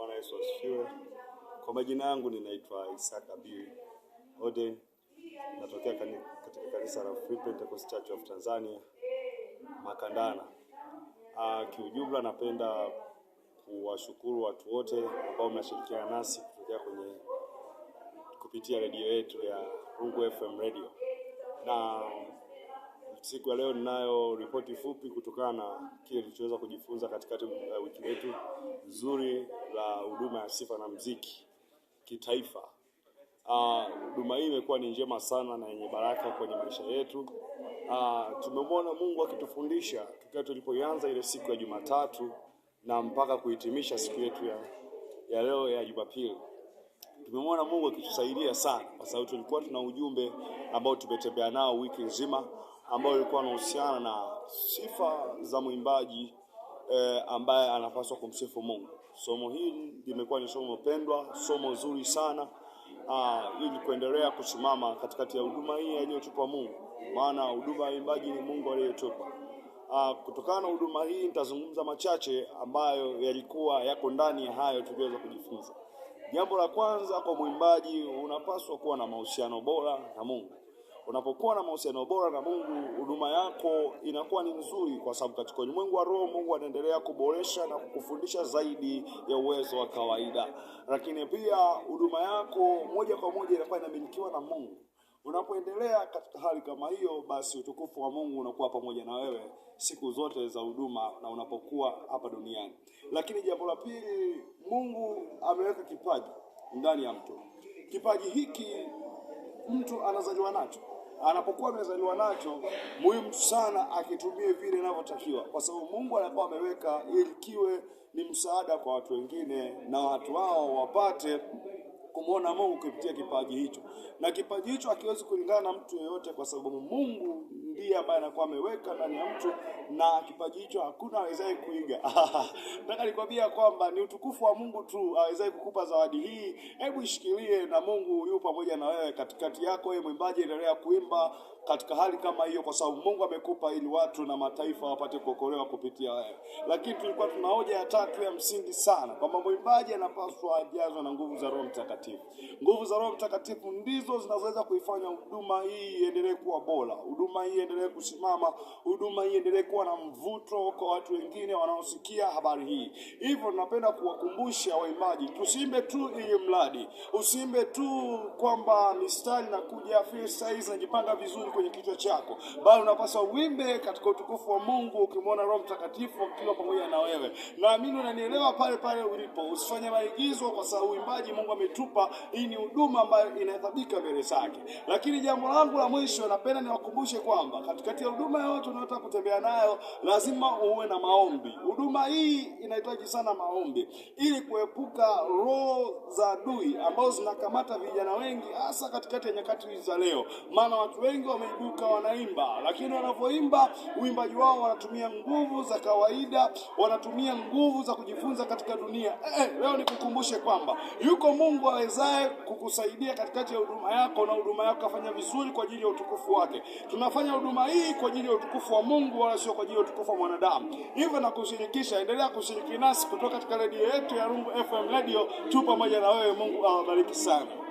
Bwana Yesu asifiwe. Kwa majina yangu ninaitwa Isaka B. Ode, natokea katika kanisa la Free Pentecostal Church of Tanzania Makandana. Ah, kiujumla napenda kuwashukuru watu wote ambao mnashirikiana nasi kutokea kwenye kupitia redio yetu ya Rungu FM Radio na Siku ya leo ninayo ripoti fupi kutokana na kile tulichoweza kujifunza katikati ya eh, wiki letu nzuri la huduma ya sifa na mziki kitaifa. Ah, huduma uh, hii imekuwa ni njema sana na yenye baraka kwenye maisha yetu. Uh, tumemwona Mungu akitufundisha tukiwa tulipoianza ile siku ya Jumatatu na mpaka kuhitimisha siku yetu ya, ya leo ya Jumapili tumemwona Mungu akitusaidia sana, kwa sababu tulikuwa tuna ujumbe ambao tumetembea nao wiki nzima ambayo ilikuwa inahusiana na sifa za mwimbaji e, ambaye anapaswa kumsifu Mungu. Somo hili limekuwa ni somo pendwa, somo zuri sana aa, ah, ili kuendelea kusimama katikati ya huduma hii aliyotupa Mungu, maana huduma ya uimbaji ni Mungu aliyotupa. Ah, kutokana na huduma hii nitazungumza machache ambayo yalikuwa yako ndani ya hayo tuliweza kujifunza. Jambo la kwanza, kwa mwimbaji unapaswa kuwa na mahusiano bora na Mungu. Unapokuwa na mahusiano bora na Mungu, huduma yako inakuwa ni nzuri, kwa sababu katika ulimwengu wa roho Mungu anaendelea kuboresha na kukufundisha zaidi ya uwezo wa kawaida. Lakini pia huduma yako moja kwa moja inakuwa inamilikiwa na Mungu. Unapoendelea katika hali kama hiyo, basi utukufu wa Mungu unakuwa pamoja na wewe siku zote za huduma na unapokuwa hapa duniani. Lakini jambo la pili, Mungu ameweka kipaji ndani ya mtu. Kipaji hiki mtu anazaliwa nacho. Anapokuwa amezaliwa nacho, muhimu sana akitumie vile inavyotakiwa, kwa sababu Mungu anakuwa ameweka ili kiwe ni msaada kwa watu wengine na watu hao wapate kumwona Mungu kupitia kipaji hicho, na kipaji hicho hakiwezi kulingana na mtu yeyote, kwa sababu Mungu ndiye ambaye anakuwa ameweka ndani ya mtu na kipaji hicho hakuna awezaye kuiga. Nataka nikwambia kwamba ni utukufu wa Mungu tu awezaye kukupa zawadi hii. Hebu ishikilie, na Mungu yu pamoja na wewe katikati yako. Wewe mwimbaji, endelea kuimba katika hali kama hiyo, kwa sababu Mungu amekupa ili watu na mataifa wapate kuokolewa kupitia wewe. Lakini tulikuwa tuna hoja ya tatu ya msingi sana kwamba mwimbaji anapaswa ajazwe na nguvu za Roho Mtakatifu. Nguvu za Roho Mtakatifu ndizo zinazoweza kuifanya huduma hii iendelee kuwa bora, huduma hii iendelee kusimama, huduma hii iendelee kuwa kuwa na mvuto kwa watu wengine wanaosikia habari hii. Hivyo tunapenda kuwakumbusha waimbaji, tusiimbe tu ili mradi, usiimbe tu kwamba mistari na kuja freestyle vizuri kwenye kichwa chako, bali unapaswa uimbe katika utukufu wa Mungu, ukimwona Roho Mtakatifu akiwa pamoja na wewe. Naamini unanielewa pale pale ulipo, usifanye maigizo, kwa sababu uimbaji Mungu ametupa, hii ni huduma ambayo inahesabika mbele zake. Lakini jambo langu la mwisho, napenda niwakumbushe kwamba katikati ya huduma yote unayotaka kutembea nayo ambayo lazima uwe na maombi. Huduma hii inahitaji sana maombi ili kuepuka roho za adui ambazo zinakamata vijana wengi, hasa katikati ya nyakati hizi za leo, maana watu wengi wameibuka, wanaimba, lakini wanapoimba uimbaji wao wanatumia nguvu za kawaida, wanatumia nguvu za kujifunza katika dunia. Eh, eh leo nikukumbushe kwamba yuko Mungu awezaye kukusaidia katikati ya huduma yako na huduma yako kafanya vizuri kwa ajili ya utukufu wake. Tunafanya huduma hii kwa ajili ya utukufu wa Mungu wala sio kwa ajili ya utukufu wa mwanadamu. Hivyo na kushirikisha, endelea kushiriki nasi kutoka katika redio yetu ya Rungu FM Radio, tu pamoja na wewe. Mungu awabariki sana.